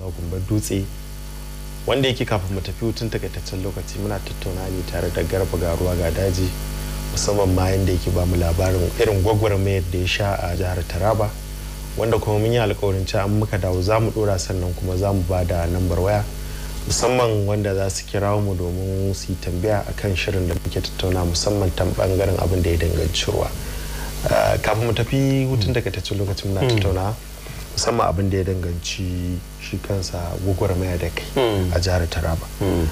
za gumbar dutse wanda yake kafin mu tafi hutun takaitaccen lokaci muna tattauna ne tare da garba ga ruwa ga daji musamman ma yadda yake ba mu labarin irin gwagwarmayar da ya sha a jihar taraba wanda kuma mun yi alkawarin cewa an muka dawo za mu dora sannan kuma za mu ba da lambar waya musamman wanda za su kira mu domin su yi tambaya akan shirin da muke tattauna musamman ta bangaren abin da ya danganci ruwa ah, kafin mu tafi hutun daga lokaci muna hmm. tattauna musamman abin da ya danganci shi kansa gwagwarmaya da kai hmm. a jihar taraba hmm.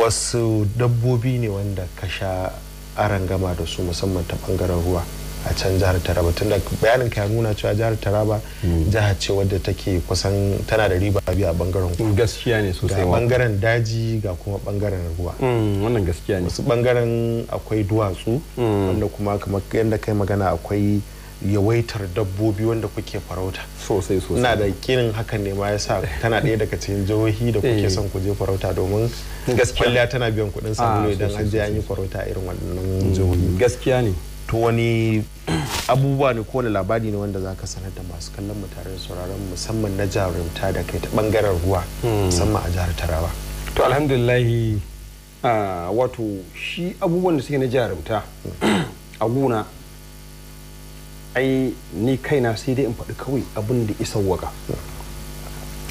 wasu dabbobi ne wanda ka sha aran gama da su musamman ta bangaren ruwa a can jihar taraba tunda bayanin ka nuna cewa jihar taraba hmm. jihar ce wadda take kusan tana da riba biyu a bangaren ruwa. gaskiya ne sosai ga bangaren daji ga kuma bangaren ruwa wannan gaskiya ne wasu bangaren akwai duwatsu wanda kuma kamar yadda kai magana akwai yawaitar dabbobi wanda kuke farauta sosai sosai ina da kinin hakan ne ma yasa tana ɗaya daga cikin jihohi da kuke eh. son ku je farauta domin gaskiya tana biyan kuɗin sabulu ah, idan an je an yi farauta irin wannan jihohi mm, gaskiya ne to wani abubuwa ne ko labari ne wanda zaka sanar da masu kallon mu tare da sauraron musamman na jarumta da kai ta bangaren ruwa hmm. musamman a jihar Taraba to alhamdulillahi ah, wato shi abubuwan da suke na jarumta hmm. a guna. ai ni kaina sai dai in faɗi kawai abin da isa waka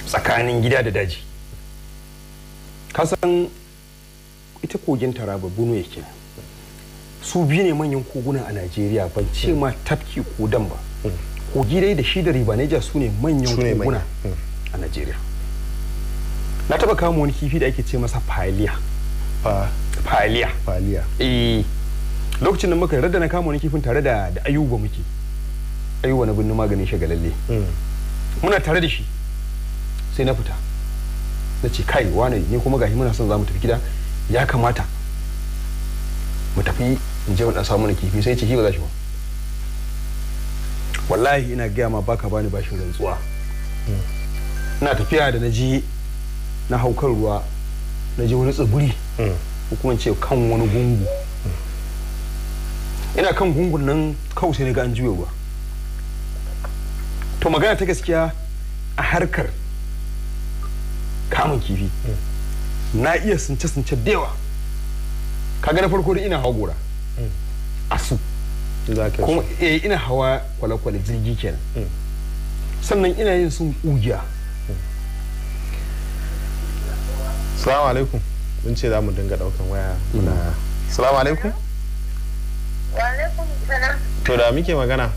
tsakanin gida da daji kasan ita kogin taraba bunu yake su biyu ne manyan koguna a najeriya ban ce ma tafki ko dam ba kogi dai da shi da ribaneja su ne manyan koguna hmm. a najeriya na taba kama wani kifi da ake ce masa fa'iliya. faliya faliya eh lokacin da muka rada na kama wani kifin tare da ayuba muke aiwa na gundu maganin shagalalle hmm. muna tare da shi sai na fita na ce kai wane ne kuma gashi muna son za mu tafi gida ya kamata mu tafi in je dan samu na kifi sai ce shi ba za shi ba wallahi ina gaya ma baka bani bashin rantsuwa hmm. ina tafiya da na ji na haukar ruwa na ji wani tsibiri hmm. ko kuma ce kan wani gungu ina kan gungun nan kawai sai na ga an juya ruwa to magana ta gaskiya a harkar kamun kifi mm. na iya sunce sunce da yawa kaga na farko ina hawa gora mm. su kuma eh ina hawa kwale-kwale jirgi kenan mm. sannan ina yin sun ugiya salamu alaikum mun ce za mu dinga daukan waya muna salamu alaikum wa alaikum salam to da muke magana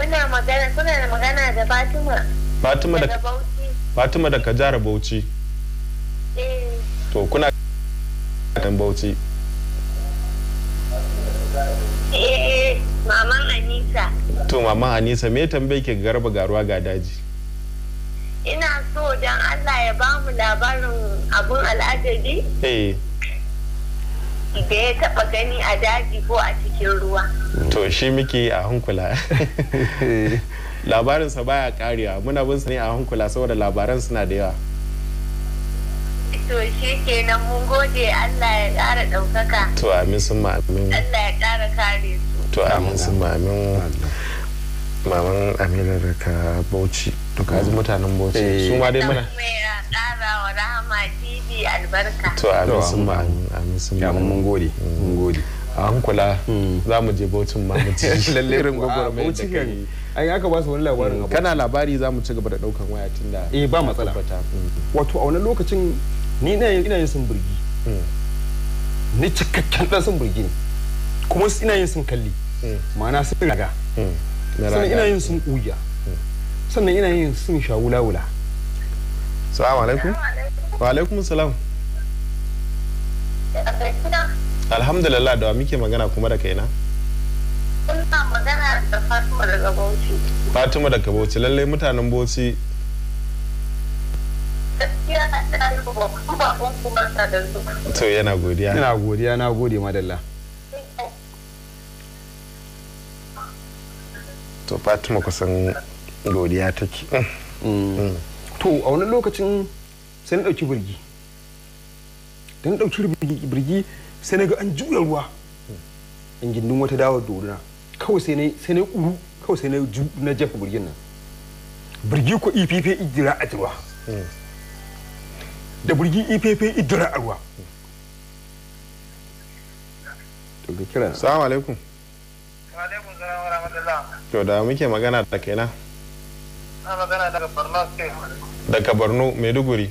Muna magana da magana da Fatima. Fatima da Fatima daga jihar Bauchi. Eh. To kuna kan Bauchi. Eh, maman Anisa. To maman Anisa me tambaye ke garba garuwa ga daji? Ina so dan Allah ya bamu labarin abun al'ajabi. Eh. da ya taba gani a daji ko a cikin ruwa to shi muke a hankula labarinsa baya karewa muna bin ne a hankula saboda labaran suna da yawa to shi kenan mun gode Allah ya ƙara ɗaukaka to amin sun ma'amin. Allah ya ƙara kare su to amin sun ma'amin. maman amina daga bauchi to kazi mutanen bauchi eh. su ma dai mana kuma ya ƙara wa rahama alheri albarka to amin sun mm. a hankula mm. za mu je bautin ma mu ci lalle rin gogoro mai da kai an aka ba su wani labarin mm. abu kana labari za mu ci gaba da daukan waya tunda eh ba matsala wato a wannan lokacin ni ina yin ina yin sun burgi ni cikakken dan sun burgi ne kuma ina yin sun kalli ma'ana sun raga sannan ina yin sun kuya sannan ina yin sun shawula wula salamu alaikum wa alaikum salam alhamdulillah da wa muke magana kuma da kaina ina magana da fatima daga bauchi fatima daga bauchi lallai mutanen bauchi to yana godiya yana godiya na gode madalla to fatima kusan godiya take mm. Mm. to a wani lokacin sai na ɗauki birgi da na ɗauki birgi sai na ga an juya ruwa in gindin wata dawa dorina kawai sai na uru kawai sai na jefa birgin nan birgi ko ifife idira a ruwa da birgi ifife idira a ruwa to ga kira salamu alaikum alaikum salam wa rahmatullah to da muke magana da kaina na magana daga borno ke. daga borno maiduguri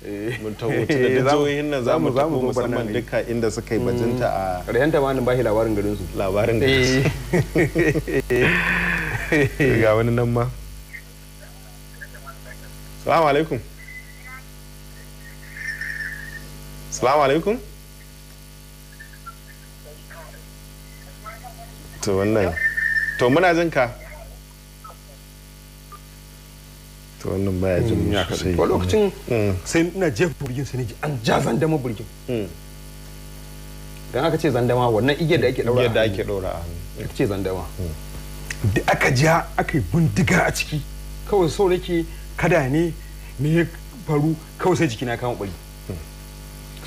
Eh. mun taho da jihohin nan za mu tafi musamman duka inda suka yi bajinta a ƙarshen mm. tamanin bashi labarin garin su labarin eh. garin su ga wani nan ma salamu alaikum salamu alaikum to wannan to muna jin ka to wannan ya jin ya mm, kasai to lokacin mm. sai ina jefa burgin sai ji an ja zandama burgin mm. dan aka ce zandama wannan igiyar da ake daura igiyar da ake daura aka ce zandama da aka ja aka yi bindiga a ciki kawai sau da ke kada ne me ya faru kawai sai jikina kama bari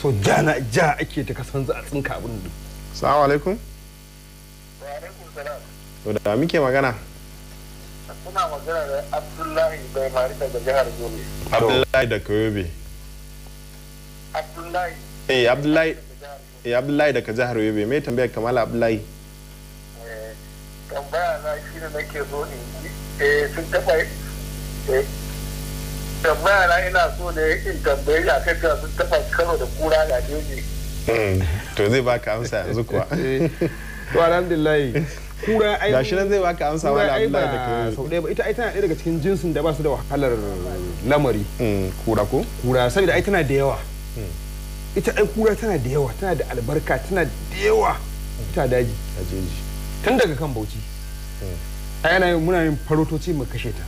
so ja na ja ake ta kasan a tsinka abin da salamu alaikum wa alaikum salam to da muke magana muna magana da abdullahi bai daga jihar yobe abdullahi daga yobe abdullahi eh abdullahi eh abdullahi daga jihar yobe me tambayar kamala abdullahi eh, tambaya na shi ne nake so in ji eh sun taba eh, tambaya na ina so ne in tambaye a kai sun taba karo da kura da jeji hmm, to zai baka amsa yanzu kuwa eh, to alhamdulillah kura ai gashi nan zai baka amsa wala abdullahi da kai sau ɗaya ita ai tana ɗaya daga cikin jinsin da ba su da wahalar lamari mm. kura ko kura saboda ai tana da yawa mm. ita ai kura tana da yawa tana da albarka tana da yawa ita daji tun daga kan bauchi mm. ai ana muna yin farotoci mu kashe ta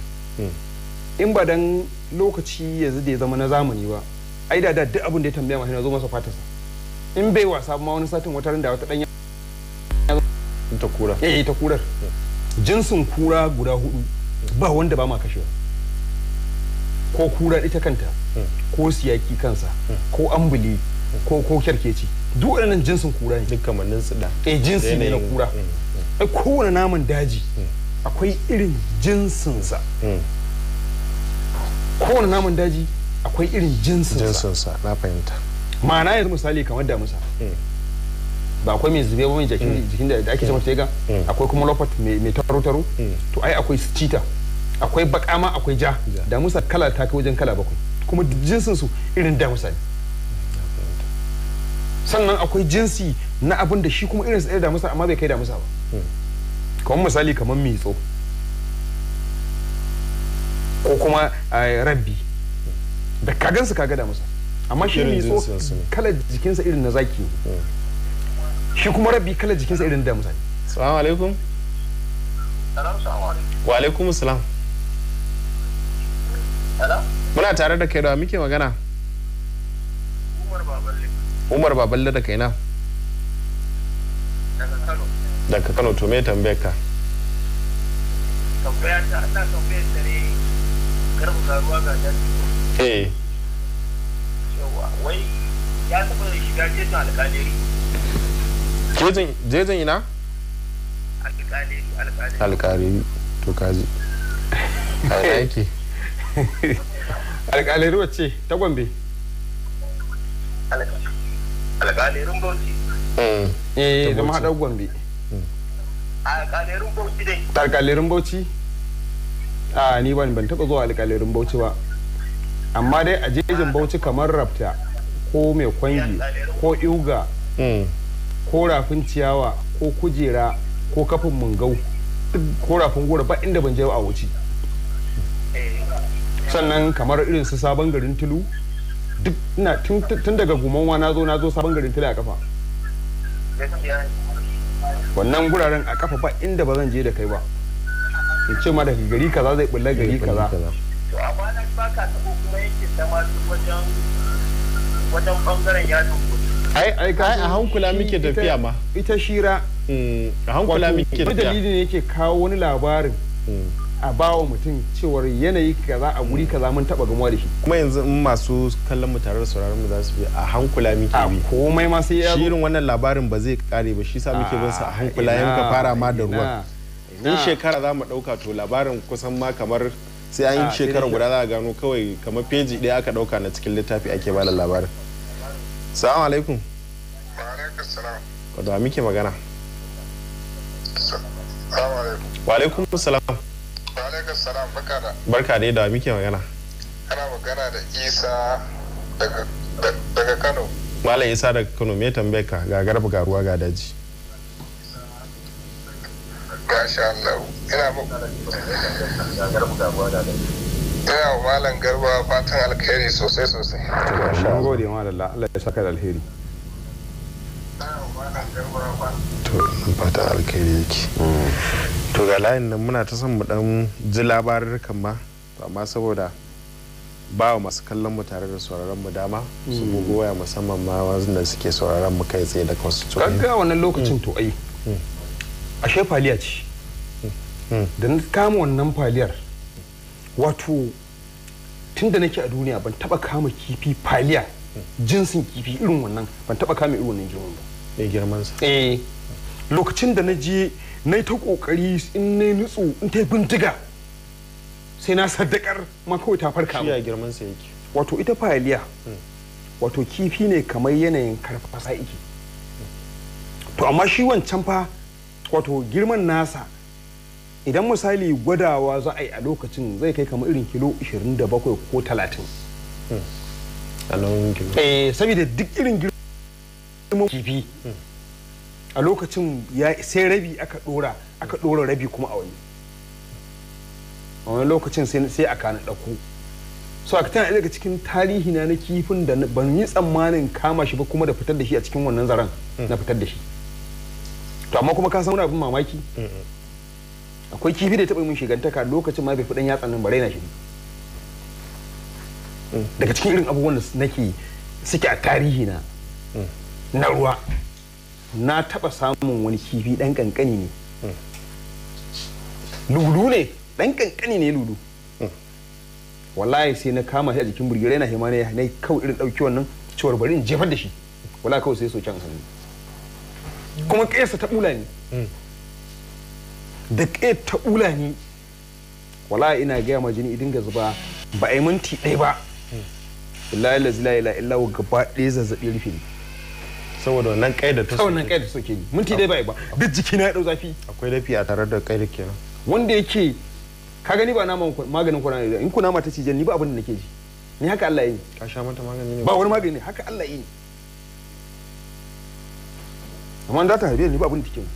in ba dan lokaci yanzu da ya zama na zamani ba ai da da duk abin da ya tambaya mashi na zo masa fatarsa in bai wasa ma wani satin wata da wata danya ta kura eh ta kura jinsin kura guda hudu ba wanda ba ma kashewa ko kura ita kanta hmm. ko siyaki kansa hmm. ko ambuli hmm. ko ko kyarkeci duk wannan jinsin kura ne dukkan wannan su da eh jinsi ne na kura eh, kowane naman daji akwai irin jinsinsa kowane naman daji akwai irin jinsinsa sa na fahimta ma'ana yanzu misali kamar damusa ba akwai mai zube ba mai mm. jikin da ake cewa tega mm. Mm. akwai kuma lopat mai taro taro to ai akwai cheetah akwai baka ma akwai ja damusa kala ta kai wajen kala bakwai kuma jinsin su irin damusa ne sannan akwai jinsi na abin da shi kuma irin su da damusa amma bai kai damusa ba kamar misali kamar mitso ko kuma eh, rabbi da kagansu kaga damusa amma shi mitso kalar jikinsa irin na zaki ne shi kuma rabi kala jikinsa irin da mutane salamu alaikum wa alaikum salam muna tare da kai da muke magana umar baballe da kaina daga kano to me tambayar ka tambaya ta ana tambayar da ne karbu karuwa ga jaji eh yawa wai ya taɓa shiga jejin alƙaliri jejin ina? alƙaliru to kaji aiki alƙaliru wacce ta gombe? alƙalirun bauchi eh, eh da mahaɗar gombe hmm. alƙalirun bauchi dai alƙalirun bauchi a ni ban ban taɓa zuwa alƙalirun bauchi ba amma dai a jejin bauchi kamar rafta ko mai kwangi ko iuga hmm. ko rafin ciyawa ko kujera ko kafin mungau duk ko rafin gora ba inda ban je a wuce sannan kamar irin su sabon garin tulu duk ina tun daga gumanwa na zo na zo sabon garin tulu a kafa wannan guraren a kafa ba inda ba zan je da kai ba in ce ma daga gari kaza zai bulla gari kaza to amma na baka tabo kuma yake masu wajen wajen bangaren yadon ai a hankula muke tafiya ma ita shira mm, a hankula muke tafiya dalili ne yake kawo wani labarin mm. a bawa mutum cewar yanayi kaza a guri kaza mun taba gamuwa da shi kuma yanzu in masu kallon mu tare da sauraron mu za su bi a hankula muke bi komai ma sai ya shirin wannan labarin ba zai kare ba shi sa muke bin sa a hankula yayin ka fara ma da ruwa in shekara za mu dauka to labarin kusan ma kamar sai an yi shekara guda za a gano kawai kamar peji ɗaya aka dauka na cikin littafi ake bada labarin salamu alaikum wadda muke magana wa alaikum salam wa alaikum salam barka da barka dai da muke magana kana magana da isa daga kano malam isa daga kano me tambayar ka ga garba ga ruwa ga daji Masha Allah. Ina muku. ina wa malam garba fatan alkhairi sosai sosai mun gode ma Allah Allah ya saka da alheri to fata alkhairi yake mm. to ga layin nan muna ta son mu dan ji labarurkan ma amma saboda ba wa masu kallon mu tare da sauraron mu dama su mm. bugu waya musamman ma wanzu wanda suke sauraron mu kai tsaye daga wasu tsohon gaggawa wannan lokacin mm. to ai ashe faliya ce da na kama wannan faliyar wato tun da nake a duniya ban taba kama kifi faliya jinsin kifi irin wannan ban taba kama irin wannan girman ba mai girman sa eh lokacin da na je na ta kokari in na nutsu in ta bindiga sai na saddakar ma kawai ta farka shi ya girman sa yake wato ita faliya hmm. wato kifi ne kamar yanayin karfasa yake to amma shi wancan fa wato girman nasa idan misali gwadawa za a yi a lokacin zai kai kamar irin kilo 27 ko 30 hmm. eh, saboda duk irin girman kifi a lokacin sai rabi aka dora aka dora rabi kuma a wani a wani lokacin sai aka na ɗauko so aka tana daga cikin tarihi na na kifin da ban yi tsammanin kama shi ba kuma da fitar da shi a cikin wannan zaren na fitar da shi to amma kuma ka san wani abin mamaki hmm, hmm. akwai kifi da taɓa mun shigantaka lokacin ma bai fi ɗan yatsan nan ba raina shi daga cikin irin abubuwan da nake suke a tarihi na na ruwa na taɓa samun wani kifi ɗan ƙanƙani ne lulu ne ɗan ƙanƙani ne lulu wallahi sai na kama shi a jikin burgirai na hima na yi kawai irin ɗauki wannan cewar bari in jefar da shi wallahi kawai sai so can hannu kuma ƙesa ta ɓula ne da ta ula ni wala ina gaya ma jini idin ga zuba ba a yi minti ɗaya ba billahi la zila ila illa wa gaba ɗaya zazzaɓi rufe ne saboda wannan kai da ta wannan kai da suke yi minti ɗaya ba ba duk jiki na ya ɗau zafi akwai lafi a tare da kai da kenan wanda yake ka gani ba naman maganin kuna ne in kuna mata cijen ni ba abin da nake ji ni haka Allah yi ka sha mata magani ne ba wani magani ne haka Allah yi amma da ta harbe ni ba abin da take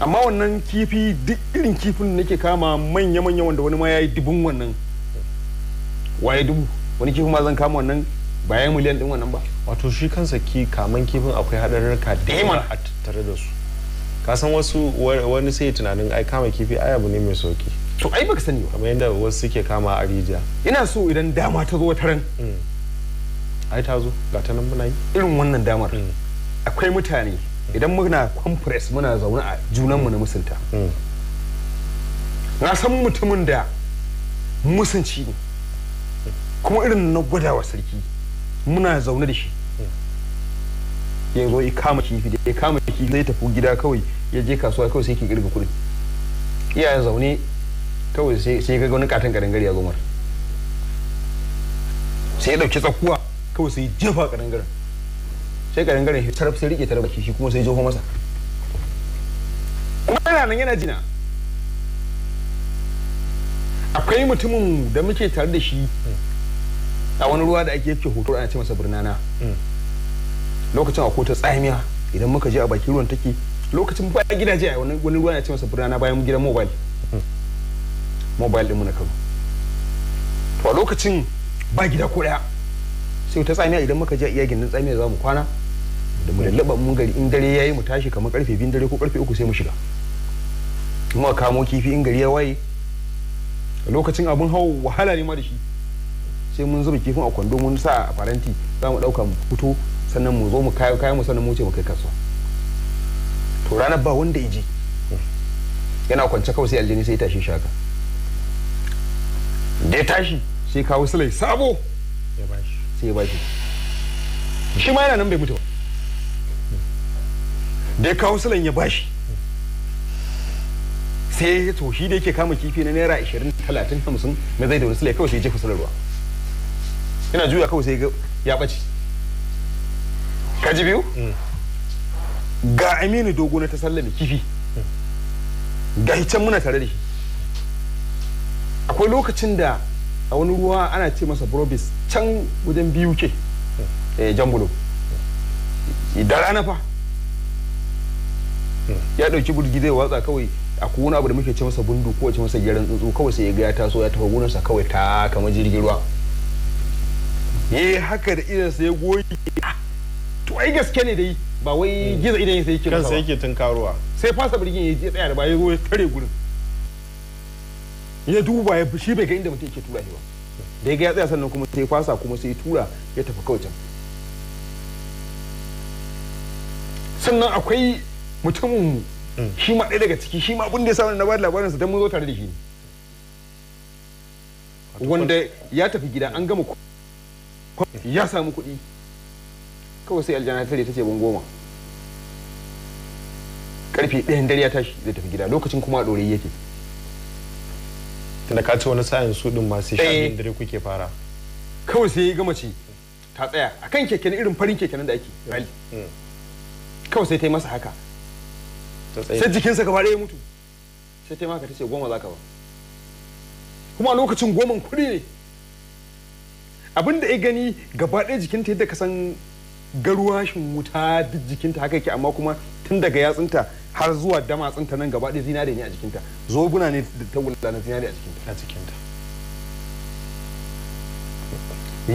amma wannan kifi duk irin kifin da nake kama manya manya wanda wani ma yayi dubun wannan waye dubu wani kifin ma zan kama wannan bayan miliyan din wannan ba wato shi kansa ki kaman kifin akwai hadarurruka da yawa a tattare da su ka san wasu wani sai tunanin ai kama kifi ai abu ne mai sauki to ai baka sani ba kamar yadda wasu suke kama a rijiya ina so idan dama ta zo wata ran mm. ai ta zo ga ta nan muna yi irin wannan damar mm. akwai mutane idan muna conference muna zaune a junanmu na musunta hmm. na san mutumin da musunci ne kuma irin na gwadawa sarki muna zaune da shi hmm. ya zo ya kama kifi da ya kama kifi zai tafi gida kawai ya je kasuwa kawai sai ke kirga kuɗi iyayen zaune kawai sai ga wani katon karangare gari a mara sai ya ɗauki tsakuwa kawai sai jefa garin sai ka dangane shi taraf sai rike ta baki shi kuma sai jeho masa kuma yana nan yana jina akwai mutumin da muke tare da shi a wani ruwa da ake yake hoto ana ce masa birnana hmm. lokacin akwai ta tsamiya idan muka je a bakin ruwan take lokacin ba gidaje a wani ruwa ana ce masa birnana bayan gidan mobile hmm. mobile mu na kano to a lokacin ba gida ko daya sai ta tsamiya idan muka je iya gindin tsamiya za mu kwana da mu lallaba mun gari in dare yayi mu tashi kamar karfe biyun dare ko karfe uku sai mu shiga mu kuma kamo kifi in gari ya waye lokacin abun hawa wahala ne ma da shi sai mun zuba kifin a kwando mun sa a faranti za mu dauka mu fito sannan mu zo mu kayo kayan mu sannan mu ce mu kai kasuwa to ranar ba wanda iji yana kwance kawai sai aljini sai ya tashi shaka da ya tashi sai kawo sulai sabo ya bashi sai ya ba shi shi ma yana nan bai mutu ba da ya kawo sulan ya bashi sai ya to shi da yake kama kifi na naira ashirin talatin hamsin na zai da wani sulai kawai sai ya jefa sulan ruwa yana juya kawai sai ya ɓace kaji biyu mm. ga aminu dogo na ta sallame kifi ga can muna tare da shi akwai lokacin da a wani ruwa ana ce masa brobis can wajen biyu ke eh, jambulo da rana fa ya ɗauki burgi zai watsa kawai a kowane abu da muke ce masa bundu ko ce masa gyaran tsuntsu kawai sai ya ga ya taso ya tafi gonarsa kawai ta kama jirgin ruwa yi eh, haka da idan sai ya goge to ai gaske ne dai ba wai gizo idan sai yake kansa yake tunkaruwa sai fasa birgin ya je tsaya da ba ya zo ya tare gurin ya duba ya shi bai ga inda mutum ke tura shi ba da ya ga ya tsaya sannan kuma sai kwasa kuma sai tura ya tafi kawai can sannan akwai mutumin mm. shi ma ɗaya daga ciki shi ma abin da ya samu na bayar sa don mun zo tare da shi wanda ya tafi gida an gama ya samu kuɗi kawai sai aljana tare ta ce ban goma karfe ɗayan dare ya tashi zai tafi gida lokacin kuma a ɗore yake tunda ka ce wani sa'in su din masu sha biyun eh. dare kuke fara kawai sai ya gama ce ta tsaya akan keke irin farin keken da ake rali mm. mm. kawai sai ta yi masa haka sai jikinsa gaba ɗaya mutu sai ta yi maka ta ce goma za ka ba kuma a lokacin goman kuɗi ne abin da ya gani gaba ɗaya jikinta yadda ka san garwashin wuta duk jikinta haka yake amma kuma tun daga yatsunta har zuwa damatsinta nan gaba ɗaya zinare ne a jikinta zobuna ne ta wula na zinare a jikinta a jikinta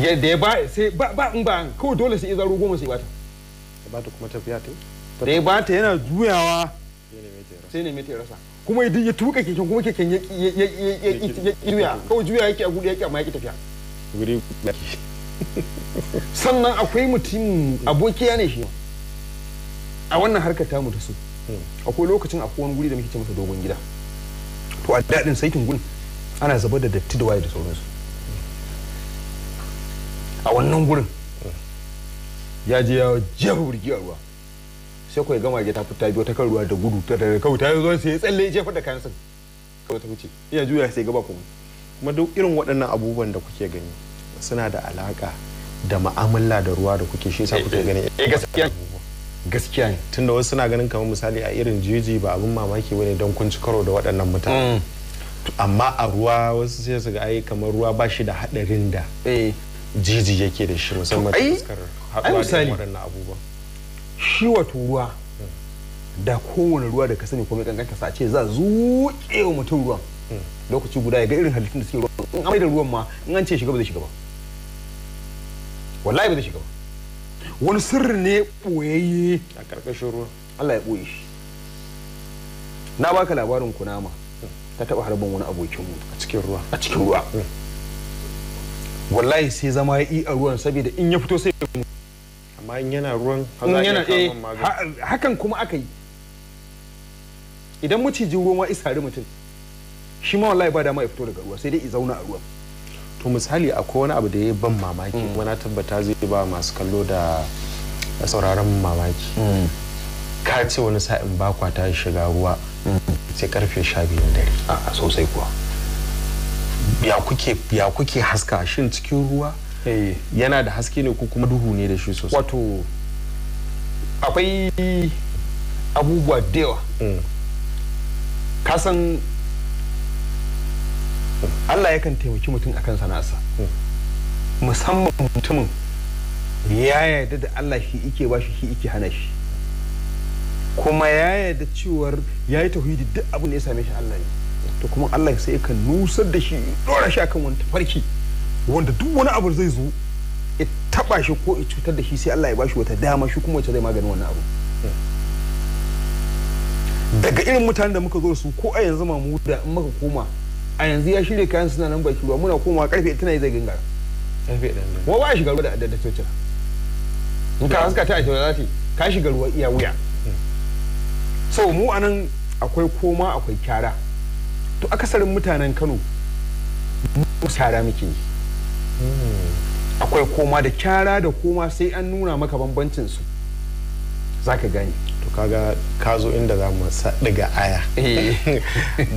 yadda ya ba sai ba ba in ba kawai dole sai zaro goma sai bata ya bata kuma tafiya ta da ya bata yana juyawa sai ne mai rasa kuma idan ya tuka keken kuma keken ya juya kawai juya yake a gudu yake amma yake tafiya guri sannan akwai mutum abokiya ne shi a wannan harkar tamu da su Hmm. akwai lokacin akwai wani guri da muke ce masa dogon gida to a daɗin saitin gun ana zaba da datti da waye da sauransu a wannan gurin ya je ya jefa burgi a ruwa sai kawai gama ya ta fita biyo ta kan ruwa da gudu ta da kawai ta zo sai ya tsalle jefa da kayan sun kawai ta wuce iya juya sai gaba kuma kuma duk irin waɗannan abubuwan da kuke gani suna da alaka da ma'amala da ruwa da kuke shi sa kuke eh, eh, gani eh gaskiya gaskiya ne tunda wasu suna ganin kamar misali a irin jiji ba abin mamaki bane don kun ci karo da waɗannan mutane mm. amma a ruwa wasu sai su ga ai kamar ruwa ba shi da haɗarin da eh. jiji yake da shi musamman ta fuskar haɗuwa da waɗannan abubuwan shi wato ruwa mm. da kowane ruwa da ka sani komai kankan ka sace za zuke wa mutum ruwan mm. lokaci guda ya ga irin halittun da suke ruwan in amai da ruwan ma in an ce shiga ba zai shiga ba wallahi ba zai shiga ba wani sirri ne ɓoyayye a ƙarƙashin ruwa Allah ya ɓoye shi na baka labarin kunama ta taɓa harbin wani abokinmu a cikin ruwa a cikin ruwa hmm. wallahi sai zama ya yi a ruwan saboda in ya fito sai mu amma in yana ruwan yana eh, hakan kuma aka yi idan maciji ruwan wa isari mutum shi ma wallahi ba dama ya fito daga ruwa sai dai i zauna a ruwan to misali akwai wani abu da ya ban mamaki mm. kuma na tabbata zai yi ba masu kallo da sauraron mamaki mm. ka ce wani sa'in bakwa ta shiga ruwa mm. sai karfe sha biyun dare a sosai kuwa ya kuke haska shin cikin ruwa eh. yana da haske ne ko kuma duhu ne da shi sosai wato akwai abubuwa da yawa kasan Allah yakan taimaki mutum a akan sana'arsa musamman mutumin ya yarda da Allah shi ike ba shi shi ike hana shi kuma ya yarda cewar ya yi tauhidi duk abin da ya same shi Allah ne to kuma Allah sai ka nusar da shi dora shi akan wani tafarki wanda duk wani abu zai zo ya taba shi ko ya cutar da shi sai Allah ya bashi wata dama shi kuma wacce zai maganin wannan abu daga irin mutanen da muka zo su ko a yanzu ma mu da in muka koma a yanzu ya shirya kayan suna nan baki ruwa muna komawa karfe tana zai gangara karfe ɗan wa ba shiga ruwa da da cocira in ka haska ta a shirya za ta ka shiga ruwa iya wuya so mu anan akwai koma akwai kyara to akasarin mutanen kano mu sara muke yi akwai koma da kyara da koma sai an nuna maka bambancin su za ka gane kaga ka zo inda za mu ga aya eh.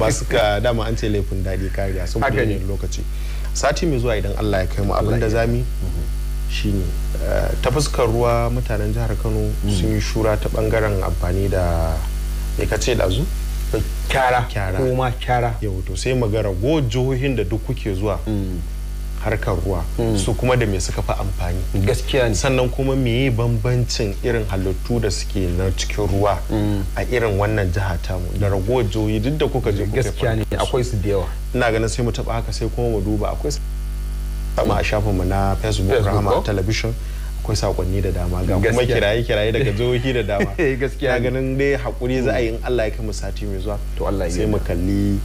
ba su ka dama an ce laifin daɗi kariya buɗe yin lokaci sati mai zuwa idan allah ya kai mu abin da zami mm-hmm. shine eh, ta fuskar ruwa mutanen jihar kano mm. sun yi shura ta bangaren amfani da me ka ce ɗazu kyara ko ma kyara yau to sai magara go jihohin da duk kuke zuwa mm. harkar ruwa hmm. su kuma da me suka fi amfani gaskiya ne sannan kuma meye bambancin irin halittu da suke na cikin ruwa hmm. a irin wannan jiha mu. da ragowar jihohi duk da kuka je gaskiya ne akwai su da yawa ina ganin sai mu taba haka sai kuma mu duba akwai su a shafin mu na facebook rama television akwai sakonni da dama ga kuma kiraye kiraye daga jihohi da dama eh, gaskiya ganin dai hakuri za a yi in Allah ya kai mu sati mai zuwa to Allah ya sai mu kalli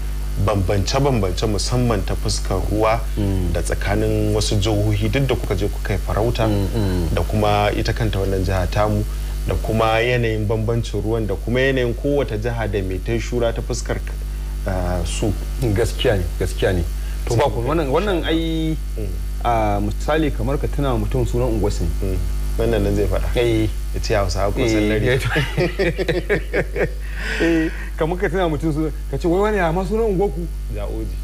bambance-bambance musamman ta fuskar ruwa mm. da tsakanin wasu jihohi duk da kuka je kuka yi farauta mm, mm. da kuma ita kanta wannan jiha tamu da kuma yanayin bambancin ruwan da kuma yanayin kowace jiha da mai ta shura ta fuskar uh, su gaskiya ne gaskiya ne to ba wannan wannan ai a misali kamar ka tuna mutum sunan ungwasin wannan nan zai faɗa eh. ya ce hausa ko eh. sallari eh kamar ka tana mutum su ka ce wai wani ya ma sunan ungoku ja oji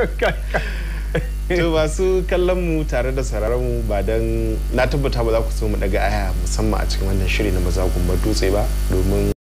to masu kallon mu tare da sararin mu ba dan na tabbata ba za ku so mu daga aya musamman a cikin wannan shiri na mazagun dutse ba domin